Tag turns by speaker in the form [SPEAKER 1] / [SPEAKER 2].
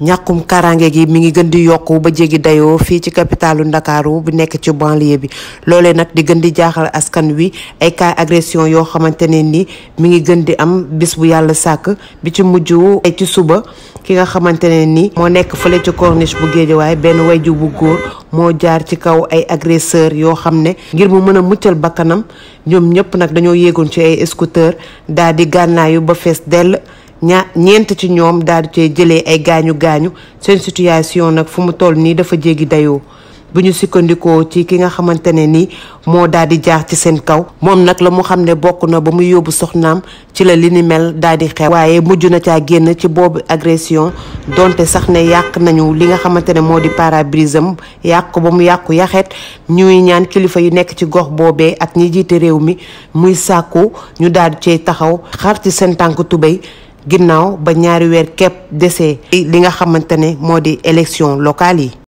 [SPEAKER 1] ñàkkum karange gi mi ngi gën di yokku ba jéggi dayoo fii ci capitalu ndakaaru bu nekk ci banlieue bi loolee nag di gën di jaaxal askan wi ay cas agression yoo xamante ne ni mi ngi gën di am bis bu yàlla sàkk bi ci mujj ay ci suba ki nga xamante ne ni moo nekk fële ci corniche bu géejawaay benn wayju bu góor moo jaar ci kaw ay agresseur yoo xam ne ngir mu mën a muccal bakkanam ñoom ñëpp nag dañoo yéegoon ci ay scooter daal di gànnaayu ba fees dell ñaa ñeent ci ñoom daal di cay jëlee ay gaañu gaañu seen situation nag fu mu toll nii dafa jéggi dayoo bu ñu sukkandikoo ci ki nga xamante ne ni moo daal di jaar ci seen kaw moom nag la mu xam ne bokk na ba mu yóbbu soxnaam ci la li ni mel daal di xew waaye mujj na caa génn ci boobu agression donte sax ne yàq nañu li nga xamante ne moo di parabrisam yàq ko ba mu yàqu yaxet ñuy ñaan kilifa yi nekk ci gox boobee ak ñi jiite réew mi muy sàkku ñu daal di cay taxaw xar ci seen tànk tubéy ginnaaw ba ñaari weer kepp dese li nga xamante ne moo di élection locale yi.